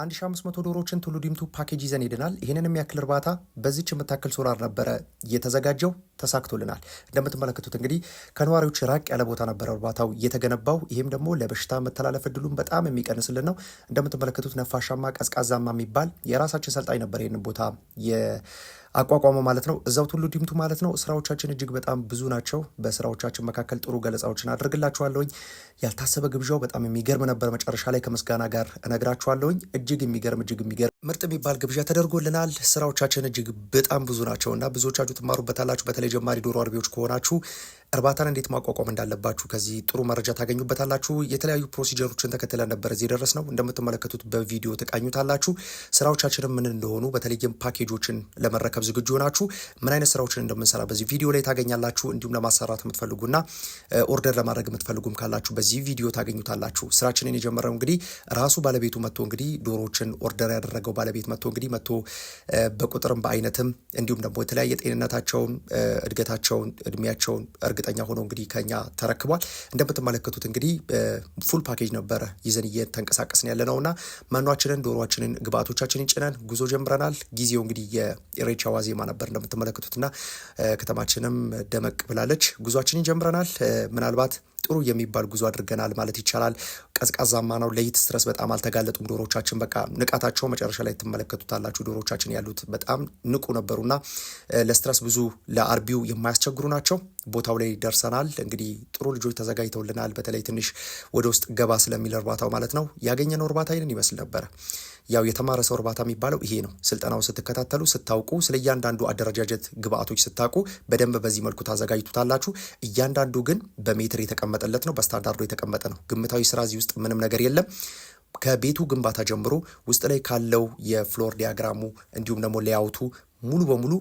1500 ዶሮችን ቱሉ ፓኬጅ ይዘን ሄደናል። ይህንን የሚያክል እርባታ በዚች የምታክል ሶላር ነበረ እየተዘጋጀው ተሳክቶልናል። እንደምትመለከቱት እንግዲህ ከነዋሪዎች ራቅ ያለ ቦታ ነበረ እርባታው የተገነባው። ይህም ደግሞ ለበሽታ መተላለፍ እድሉን በጣም የሚቀንስልን ነው። እንደምትመለከቱት ነፋሻማ ቀዝቃዛማ የሚባል የራሳችን ሰልጣኝ ነበር ይህንን ቦታ አቋቋመ ማለት ነው። እዛው ቱሉ ዲምቱ ማለት ነው። ስራዎቻችን እጅግ በጣም ብዙ ናቸው። በስራዎቻችን መካከል ጥሩ ገለጻዎችን አድርግላችኋለሁኝ። ያልታሰበ ግብዣው በጣም የሚገርም ነበር። መጨረሻ ላይ ከምስጋና ጋር እነግራችኋለሁኝ። እጅግ የሚገርም እጅግ የሚገርም ምርጥ የሚባል ግብዣ ተደርጎልናል። ስራዎቻችን እጅግ በጣም ብዙ ናቸው እና ብዙዎቻችሁ ትማሩበታላችሁ። በተለይ ጀማሪ ዶሮ አርቢዎች ከሆናችሁ እርባታን እንዴት ማቋቋም እንዳለባችሁ ከዚህ ጥሩ መረጃ ታገኙበታላችሁ። የተለያዩ ፕሮሲጀሮችን ተከትለን ነበር እዚህ የደረስ ነው። እንደምትመለከቱት በቪዲዮ ተቃኙታላችሁ። ስራዎቻችንም ምን እንደሆኑ በተለይም ፓኬጆችን ለመረከብ ዝግጁ ሆናችሁ ምን አይነት ስራዎችን እንደምንሰራ በዚህ ቪዲዮ ላይ ታገኛላችሁ። እንዲሁም ለማሰራት የምትፈልጉና ኦርደር ለማድረግ የምትፈልጉም ካላችሁ በዚህ ቪዲዮ ታገኙታላችሁ። ስራችንን የጀመረው እንግዲህ ራሱ ባለቤቱ መጥቶ እንግዲህ ዶሮዎችን ኦርደር ያደረገው ባለቤት መጥቶ እንግዲህ መጥቶ በቁጥርም በአይነትም እንዲሁም ደግሞ የተለያየ ጤንነታቸውን፣ እድገታቸውን፣ እድሜያቸውን እርግጠኛ ሆኖ እንግዲህ ከኛ ተረክቧል። እንደምትመለከቱት እንግዲህ ፉል ፓኬጅ ነበረ ይዘን እየተንቀሳቀስን ያለ እና መኗችንን፣ ዶሮችንን፣ ግብአቶቻችንን ጭነን ጉዞ ጀምረናል። ጊዜው እንግዲህ የኢሬቻ ዋዜማ ነበር እንደምትመለከቱትና ከተማችንም ደመቅ ብላለች። ጉዟችንን ጀምረናል ምናልባት ጥሩ የሚባል ጉዞ አድርገናል ማለት ይቻላል። ቀዝቃዛማ ነው። ለይት ስትረስ በጣም አልተጋለጡም ዶሮቻችን። በቃ ንቃታቸው መጨረሻ ላይ ትመለከቱታላችሁ። ዶሮቻችን ያሉት በጣም ንቁ ነበሩና ለስትረስ ብዙ ለአርቢው የማያስቸግሩ ናቸው። ቦታው ላይ ደርሰናል። እንግዲህ ጥሩ ልጆች ተዘጋጅተውልናል። በተለይ ትንሽ ወደ ውስጥ ገባ ስለሚል እርባታው ማለት ነው ያገኘነው እርባታ ይህንን ይመስል ነበረ። ያው የተማረ ሰው እርባታ የሚባለው ይሄ ነው። ስልጠናው ስትከታተሉ ስታውቁ፣ ስለ እያንዳንዱ አደረጃጀት ግብአቶች ስታውቁ በደንብ በዚህ መልኩ ታዘጋጅቱታላችሁ። እያንዳንዱ ግን በሜትር የተቀመ የተቀመጠለት ነው። በስታንዳርዱ የተቀመጠ ነው። ግምታዊ ስራ እዚህ ውስጥ ምንም ነገር የለም። ከቤቱ ግንባታ ጀምሮ ውስጥ ላይ ካለው የፍሎር ዲያግራሙ እንዲሁም ደግሞ ሌያውቱ ሙሉ በሙሉ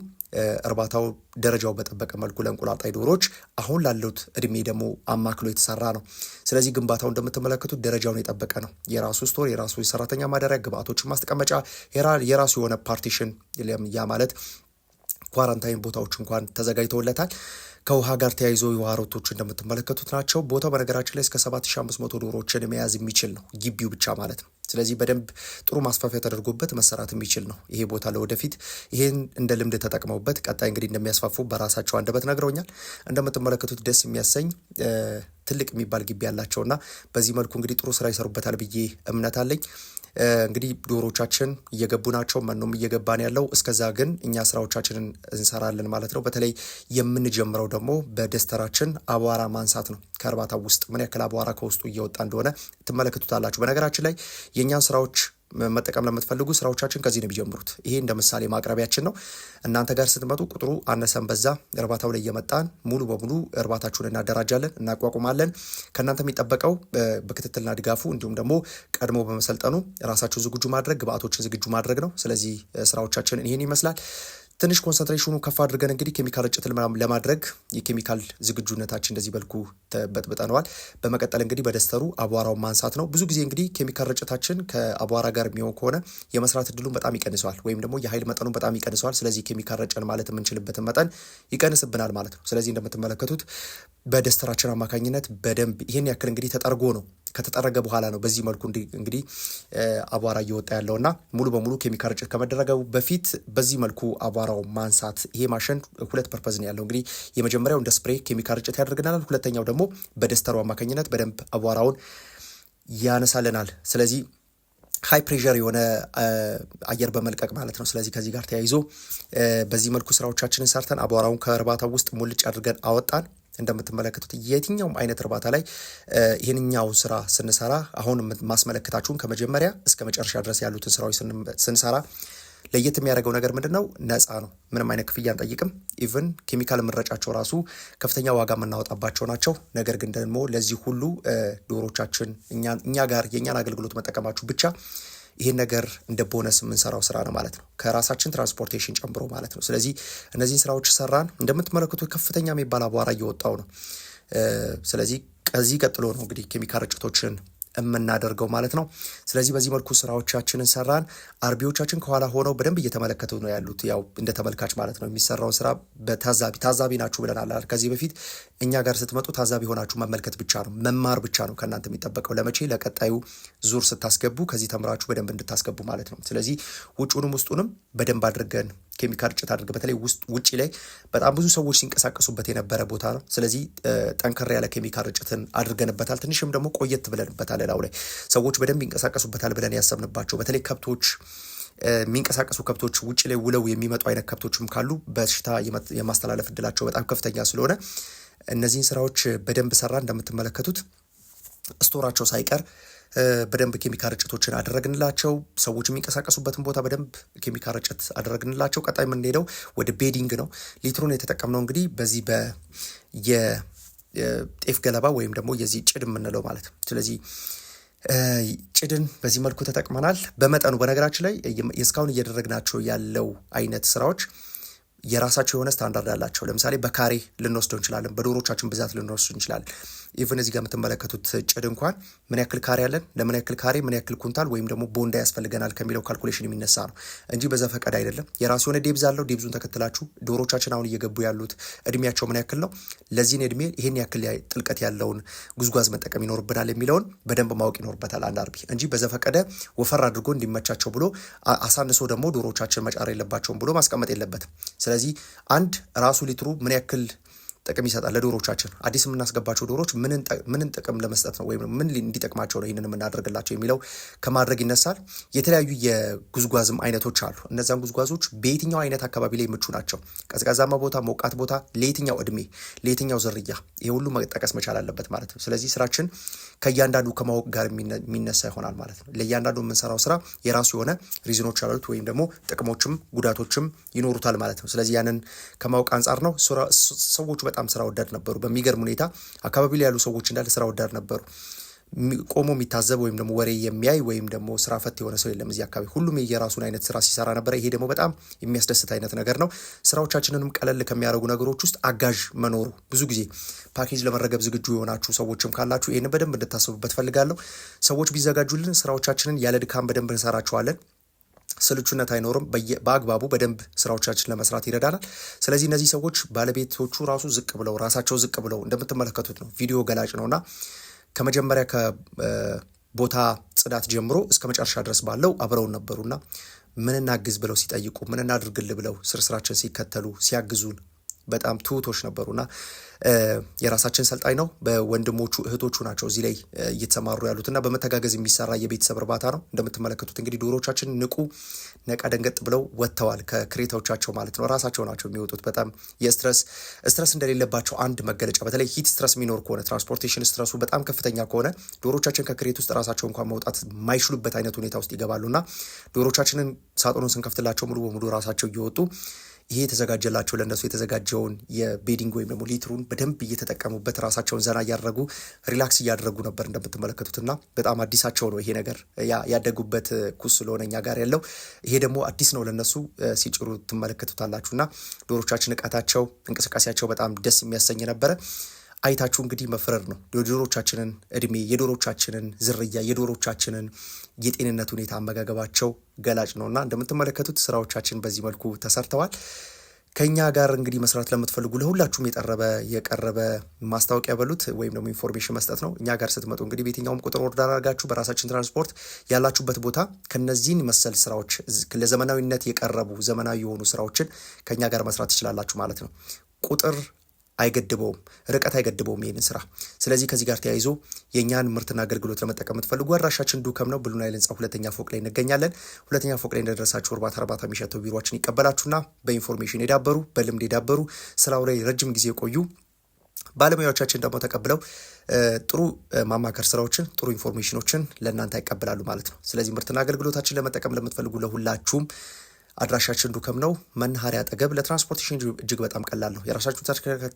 እርባታው ደረጃው በጠበቀ መልኩ ለእንቁላጣይ ዶሮዎች አሁን ላሉት እድሜ ደግሞ አማክሎ የተሰራ ነው። ስለዚህ ግንባታው እንደምትመለከቱት ደረጃውን የጠበቀ ነው። የራሱ ስቶር፣ የራሱ የሰራተኛ ማደሪያ፣ ግብአቶችን ማስቀመጫ፣ የራሱ የሆነ ፓርቲሽን ያ ማለት ኳራንታይን ቦታዎች እንኳን ተዘጋጅተውለታል። ከውሃ ጋር ተያይዞ የውሃ ሮቶች እንደምትመለከቱት ናቸው። ቦታው በነገራችን ላይ እስከ 7500 ዶሮዎችን መያዝ የሚችል ነው፣ ግቢው ብቻ ማለት ነው። ስለዚህ በደንብ ጥሩ ማስፋፊያ ተደርጎበት መሰራት የሚችል ነው ይሄ ቦታ ለወደፊት። ይሄን እንደ ልምድ ተጠቅመውበት ቀጣይ እንግዲህ እንደሚያስፋፉ በራሳቸው አንደበት ነግረውኛል። እንደምትመለከቱት ደስ የሚያሰኝ ትልቅ የሚባል ግቢ ያላቸውና በዚህ መልኩ እንግዲህ ጥሩ ስራ ይሰሩበታል ብዬ እምነት አለኝ። እንግዲህ ዶሮቻችን እየገቡ ናቸው፣ መኖም እየገባን ያለው። እስከዛ ግን እኛ ስራዎቻችንን እንሰራለን ማለት ነው። በተለይ የምንጀምረው ደግሞ በደስተራችን አቧራ ማንሳት ነው። ከእርባታ ውስጥ ምን ያክል አቧራ ከውስጡ እየወጣ እንደሆነ ትመለከቱታላችሁ። በነገራችን ላይ የእኛን ስራዎች መጠቀም ለምትፈልጉ ስራዎቻችን ከዚህ ነው የሚጀምሩት። ይሄ እንደ ምሳሌ ማቅረቢያችን ነው። እናንተ ጋር ስትመጡ ቁጥሩ አነሰን በዛ እርባታው ላይ እየመጣን ሙሉ በሙሉ እርባታችሁን እናደራጃለን፣ እናቋቁማለን። ከእናንተ የሚጠበቀው በክትትልና ድጋፉ እንዲሁም ደግሞ ቀድሞ በመሰልጠኑ ራሳችሁን ዝግጁ ማድረግ፣ ግብአቶችን ዝግጁ ማድረግ ነው። ስለዚህ ስራዎቻችን ይህን ይመስላል። ትንሽ ኮንሰንትሬሽኑ ከፍ አድርገን እንግዲህ ኬሚካል ርጭትን ለማድረግ የኬሚካል ዝግጁነታችን እንደዚህ በልኩ ተበጥብጠነዋል። በመቀጠል እንግዲህ በደስተሩ አቧራውን ማንሳት ነው። ብዙ ጊዜ እንግዲህ ኬሚካል ርጭታችን ከአቧራ ጋር የሚሆን ከሆነ የመስራት እድሉን በጣም ይቀንሰዋል፣ ወይም ደግሞ የኃይል መጠኑን በጣም ይቀንሰዋል። ስለዚህ ኬሚካል ረጨን ማለት የምንችልበትን መጠን ይቀንስብናል ማለት ነው። ስለዚህ እንደምትመለከቱት በደስተራችን አማካኝነት በደንብ ይህን ያክል እንግዲህ ተጠርጎ ነው ከተጠረገ በኋላ ነው በዚህ መልኩ እንግዲህ አቧራ እየወጣ ያለውና ሙሉ በሙሉ ኬሚካል ርጭት ከመደረገው በፊት በዚህ መልኩ አቧራው ማንሳት። ይሄ ማሽን ሁለት ፐርፐዝ ነው ያለው እንግዲህ የመጀመሪያው እንደ ስፕሬ ኬሚካል ርጭት ያደርግናል። ሁለተኛው ደግሞ በደስተሩ አማካኝነት በደንብ አቧራውን ያነሳልናል። ስለዚህ ሃይ ፕሬዠር የሆነ አየር በመልቀቅ ማለት ነው። ስለዚህ ከዚህ ጋር ተያይዞ በዚህ መልኩ ስራዎቻችንን ሰርተን አቧራውን ከእርባታው ውስጥ ሙልጭ አድርገን አወጣን። እንደምትመለከቱት የትኛውም አይነት እርባታ ላይ ይህንኛው ስራ ስንሰራ አሁን ማስመለከታችሁን ከመጀመሪያ እስከ መጨረሻ ድረስ ያሉትን ስራዎች ስንሰራ ለየት የሚያደርገው ነገር ምንድን ነው? ነፃ ነው። ምንም አይነት ክፍያ አንጠይቅም። ኢቨን ኬሚካል የምንረጫቸው ራሱ ከፍተኛ ዋጋ የምናወጣባቸው ናቸው። ነገር ግን ደግሞ ለዚህ ሁሉ ዶሮቻችን እኛ ጋር የእኛን አገልግሎት መጠቀማችሁ ብቻ ይህን ነገር እንደ ቦነስ የምንሰራው ስራ ነው ማለት ነው፣ ከራሳችን ትራንስፖርቴሽን ጨምሮ ማለት ነው። ስለዚህ እነዚህን ስራዎች ሰራን። እንደምትመለከቱ ከፍተኛ የሚባል አቧራ እየወጣው ነው። ስለዚህ ከዚህ ቀጥሎ ነው እንግዲህ ኬሚካል ርጭቶችን የምናደርገው ማለት ነው። ስለዚህ በዚህ መልኩ ስራዎቻችንን ሰራን። አርቢዎቻችን ከኋላ ሆነው በደንብ እየተመለከቱ ነው ያሉት፣ ያው እንደ ተመልካች ማለት ነው የሚሰራውን ስራ በታዛቢ ታዛቢ ናችሁ ብለናል። ከዚህ በፊት እኛ ጋር ስትመጡ ታዛቢ ሆናችሁ መመልከት ብቻ ነው መማር ብቻ ነው ከእናንተ የሚጠበቀው። ለመቼ ለቀጣዩ ዙር ስታስገቡ ከዚህ ተምራችሁ በደንብ እንድታስገቡ ማለት ነው። ስለዚህ ውጩንም ውስጡንም በደንብ አድርገን ኬሚካል ርጭት አድርገ በተለይ ውስጥ ውጭ ላይ በጣም ብዙ ሰዎች ሲንቀሳቀሱበት የነበረ ቦታ ነው። ስለዚህ ጠንከር ያለ ኬሚካል ርጭትን አድርገንበታል። ትንሽም ደግሞ ቆየት ብለንበታል። ላው ላይ ሰዎች በደንብ ይንቀሳቀሱበታል ብለን ያሰብንባቸው በተለይ ከብቶች የሚንቀሳቀሱ ከብቶች ውጭ ላይ ውለው የሚመጡ አይነት ከብቶችም ካሉ በሽታ የማስተላለፍ እድላቸው በጣም ከፍተኛ ስለሆነ እነዚህን ስራዎች በደንብ ሰራ። እንደምትመለከቱት ስቶራቸው ሳይቀር በደንብ ኬሚካል ርጭቶችን አደረግንላቸው። ሰዎች የሚንቀሳቀሱበትን ቦታ በደንብ ኬሚካል ርጭት አደረግንላቸው። ቀጣይ የምንሄደው ወደ ቤዲንግ ነው። ሊትሩን የተጠቀምነው እንግዲህ በዚህ የጤፍ ገለባ ወይም ደግሞ የዚህ ጭድ የምንለው ማለት ነው። ስለዚህ ጭድን በዚህ መልኩ ተጠቅመናል በመጠኑ። በነገራችን ላይ እስካሁን እየደረግናቸው ያለው አይነት ስራዎች የራሳቸው የሆነ ስታንዳርድ አላቸው። ለምሳሌ በካሬ ልንወስደው እንችላለን፣ በዶሮቻችን ብዛት ልንወስደው እንችላለን። ኢቨን እዚህ ጋር የምትመለከቱት ጭድ እንኳን ምን ያክል ካሬ ያለን ለምን ያክል ካሬ ምን ያክል ኩንታል ወይም ደግሞ ቦንዳ ያስፈልገናል ከሚለው ካልኩሌሽን የሚነሳ ነው እንጂ በዛ አይደለም። የራሱ የሆነ ዴብዝ አለው። ዴብዙን ተከትላችሁ ዶሮቻችን አሁን እየገቡ ያሉት እድሜያቸው ምን ያክል ነው፣ ለዚህን እድሜ ይሄን ያክል ጥልቀት ያለውን ጉዝጓዝ መጠቀም ይኖርብናል የሚለውን በደንብ ማወቅ ይኖርበታል አንድ አርቢ እንጂ በዘፈቀደ ወፈር አድርጎ እንዲመቻቸው ብሎ አሳንሶ ደግሞ ዶሮቻችን መጫር የለባቸውም ብሎ ማስቀመጥ የለበትም። ስለዚህ አንድ ራሱ ሊትሩ ምን ያክል ጥቅም ይሰጣል ለዶሮቻችን። አዲስ የምናስገባቸው ዶሮች ምንን ጥቅም ለመስጠት ነው ወይም ምን እንዲጠቅማቸው ነው ይህንን የምናደርግላቸው የሚለው ከማድረግ ይነሳል። የተለያዩ የጉዝጓዝም አይነቶች አሉ። እነዛን ጉዝጓዞች በየትኛው አይነት አካባቢ ላይ ምቹ ናቸው? ቀዝቃዛማ ቦታ፣ ሞቃት ቦታ፣ ለየትኛው እድሜ፣ ለየትኛው ዝርያ፣ ይህ ሁሉ መጠቀስ መቻል አለበት ማለት ነው። ስለዚህ ስራችን ከእያንዳንዱ ከማወቅ ጋር የሚነሳ ይሆናል ማለት ነው። ለእያንዳንዱ የምንሰራው ስራ የራሱ የሆነ ሪዝኖች አሉት ወይም ደግሞ ጥቅሞችም ጉዳቶችም ይኖሩታል ማለት ነው። ስለዚህ ያንን ከማወቅ አንጻር ነው ሰዎቹ በጣም ስራ ወዳድ ነበሩ። በሚገርም ሁኔታ አካባቢ ላይ ያሉ ሰዎች እንዳለ ስራ ወዳድ ነበሩ። ቆሞ የሚታዘብ ወይም ደግሞ ወሬ የሚያይ ወይም ደግሞ ስራ ፈት የሆነ ሰው የለም እዚህ አካባቢ። ሁሉም የራሱን አይነት ስራ ሲሰራ ነበረ። ይሄ ደግሞ በጣም የሚያስደስት አይነት ነገር ነው። ስራዎቻችንንም ቀለል ከሚያደርጉ ነገሮች ውስጥ አጋዥ መኖሩ ብዙ ጊዜ ፓኬጅ ለመረገብ ዝግጁ የሆናችሁ ሰዎችም ካላችሁ ይህን በደንብ እንድታስቡበት ፈልጋለሁ። ሰዎች ቢዘጋጁልን ስራዎቻችንን ያለ ድካም በደንብ እንሰራቸዋለን። ስልቹነት አይኖርም። በአግባቡ በደንብ ስራዎቻችን ለመስራት ይረዳናል። ስለዚህ እነዚህ ሰዎች ባለቤቶቹ ራሱ ዝቅ ብለው ራሳቸው ዝቅ ብለው እንደምትመለከቱት ነው። ቪዲዮ ገላጭ ነውና ከመጀመሪያ ከቦታ ጽዳት ጀምሮ እስከ መጨረሻ ድረስ ባለው አብረውን ነበሩና ምን እናግዝ ብለው ሲጠይቁ ምን እናድርግል ብለው ስርስራችን ሲከተሉ ሲያግዙን በጣም ትውቶች ነበሩና የራሳችን ሰልጣኝ ነው። በወንድሞቹ እህቶቹ ናቸው እዚህ ላይ እየተሰማሩ ያሉትና በመተጋገዝ የሚሰራ የቤተሰብ እርባታ ነው። እንደምትመለከቱት እንግዲህ ዶሮቻችን ንቁ ነቃ ደንገጥ ብለው ወጥተዋል ከክሬታዎቻቸው ማለት ነው። ራሳቸው ናቸው የሚወጡት። በጣም የስትረስ ስትረስ እንደሌለባቸው አንድ መገለጫ በተለይ ሂት ስትረስ የሚኖር ከሆነ ትራንስፖርቴሽን ስትረሱ በጣም ከፍተኛ ከሆነ ዶሮቻችን ከክሬት ውስጥ ራሳቸው እንኳን መውጣት የማይችሉበት አይነት ሁኔታ ውስጥ ይገባሉና ዶሮቻችንን ሳጥኑን ስንከፍትላቸው ሙሉ በሙሉ ራሳቸው እየወጡ ይሄ የተዘጋጀላቸው ለእነሱ የተዘጋጀውን የቤዲንግ ወይም ደግሞ ሊትሩን በደንብ እየተጠቀሙበት ራሳቸውን ዘና እያደረጉ ሪላክስ እያደረጉ ነበር እንደምትመለከቱትና በጣም አዲሳቸው ነው ይሄ ነገር ያደጉበት ኩስ ስለሆነ እኛ ጋር ያለው ይሄ ደግሞ አዲስ ነው ለእነሱ ሲጭሩ ትመለከቱታላችሁና ዶሮቻችን እቃታቸው እንቅስቃሴያቸው በጣም ደስ የሚያሰኝ ነበረ። አይታችሁ እንግዲህ መፍረር ነው። የዶሮቻችንን እድሜ፣ የዶሮቻችንን ዝርያ፣ የዶሮቻችንን የጤንነት ሁኔታ አመጋገባቸው ገላጭ ነው እና እንደምትመለከቱት ስራዎቻችን በዚህ መልኩ ተሰርተዋል። ከኛ ጋር እንግዲህ መስራት ለምትፈልጉ ለሁላችሁም የጠረበ የቀረበ ማስታወቂያ በሉት ወይም ደግሞ ኢንፎርሜሽን መስጠት ነው። እኛ ጋር ስትመጡ እንግዲህ በየትኛውም ቁጥር ወርዳ አድርጋችሁ በራሳችን ትራንስፖርት ያላችሁበት ቦታ ከነዚህን መሰል ስራዎች ለዘመናዊነት የቀረቡ ዘመናዊ የሆኑ ስራዎችን ከኛ ጋር መስራት ትችላላችሁ ማለት ነው። ቁጥር አይገድበውም፣ ርቀት አይገድበውም ይህንን ስራ። ስለዚህ ከዚህ ጋር ተያይዞ የእኛን ምርትና አገልግሎት ለመጠቀም የምትፈልጉ አድራሻችን ዱከም ነው፣ ብሉ ህንፃ ሁለተኛ ፎቅ ላይ እንገኛለን። ሁለተኛ ፎቅ ላይ እንደደረሳችሁ እርባታ እርባታ የሚሸተው ቢሮችን ይቀበላችሁና በኢንፎርሜሽን የዳበሩ በልምድ የዳበሩ ስራው ላይ ረጅም ጊዜ የቆዩ ባለሙያዎቻችን ደግሞ ተቀብለው ጥሩ ማማከር ስራዎችን ጥሩ ኢንፎርሜሽኖችን ለእናንተ ይቀበላሉ ማለት ነው። ስለዚህ ምርትና አገልግሎታችን ለመጠቀም ለምትፈልጉ ለሁላችሁም አድራሻችን ዱከም ነው መናኸሪያ አጠገብ። ለትራንስፖርቴሽን እጅግ በጣም ቀላል ነው። የራሳችሁ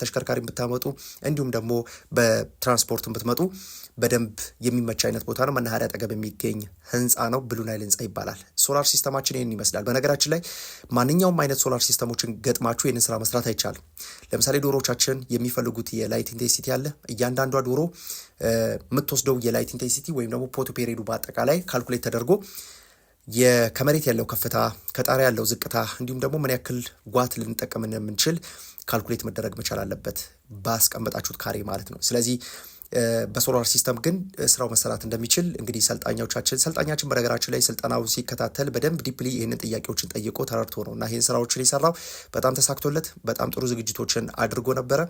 ተሽከርካሪ ብታመጡ እንዲሁም ደግሞ በትራንስፖርት ብትመጡ በደንብ የሚመች አይነት ቦታ ነው። መናኸሪያ አጠገብ የሚገኝ ህንፃ ነው። ብሉ ናይል ህንፃ ይባላል። ሶላር ሲስተማችን ይህን ይመስላል። በነገራችን ላይ ማንኛውም አይነት ሶላር ሲስተሞችን ገጥማችሁ ይህንን ስራ መስራት አይቻልም። ለምሳሌ ዶሮዎቻችን የሚፈልጉት የላይት ኢንቴንሲቲ አለ። እያንዳንዷ ዶሮ የምትወስደው የላይት ኢንቴንሲቲ ወይም ደግሞ ፖቶፔሬዱ በአጠቃላይ ካልኩሌት ተደርጎ ከመሬት ያለው ከፍታ ከጣሪያ ያለው ዝቅታ እንዲሁም ደግሞ ምን ያክል ዋት ልንጠቀም እንደምንችል ካልኩሌት መደረግ መቻል አለበት ባስቀመጣችሁት ካሬ ማለት ነው። ስለዚህ በሶላር ሲስተም ግን ስራው መሰራት እንደሚችል እንግዲህ ሰልጣኛዎቻችን ሰልጣኛችን በነገራችን ላይ ስልጠናው ሲከታተል በደንብ ዲፕሊ ይህንን ጥያቄዎችን ጠይቆ ተረድቶ ነው እና ይህን ስራዎችን የሰራው በጣም ተሳክቶለት በጣም ጥሩ ዝግጅቶችን አድርጎ ነበረ።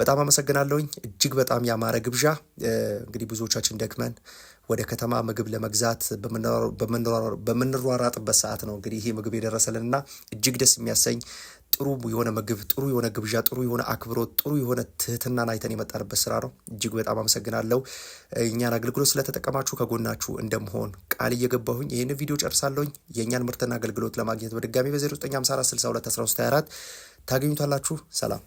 በጣም አመሰግናለሁኝ። እጅግ በጣም ያማረ ግብዣ። እንግዲህ ብዙዎቻችን ደክመን ወደ ከተማ ምግብ ለመግዛት በምንሯራጥበት ሰዓት ነው እንግዲህ ይሄ ምግብ የደረሰልንና እጅግ ደስ የሚያሰኝ ጥሩ የሆነ ምግብ፣ ጥሩ የሆነ ግብዣ፣ ጥሩ የሆነ አክብሮት፣ ጥሩ የሆነ ትህትናን አይተን የመጣንበት ስራ ነው። እጅግ በጣም አመሰግናለሁ። እኛን አገልግሎት ስለተጠቀማችሁ ከጎናችሁ እንደመሆን ቃል እየገባሁኝ ይህን ቪዲዮ ጨርሳለሁኝ። የእኛን ምርትና አገልግሎት ለማግኘት በድጋሚ በ0954 62 1324 ታገኙታላችሁ። ሰላም